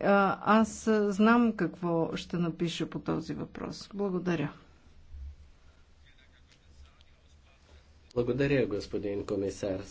аз знам какво ще напиша по този въпрос. Благодаря. Благодаря, господин комисар.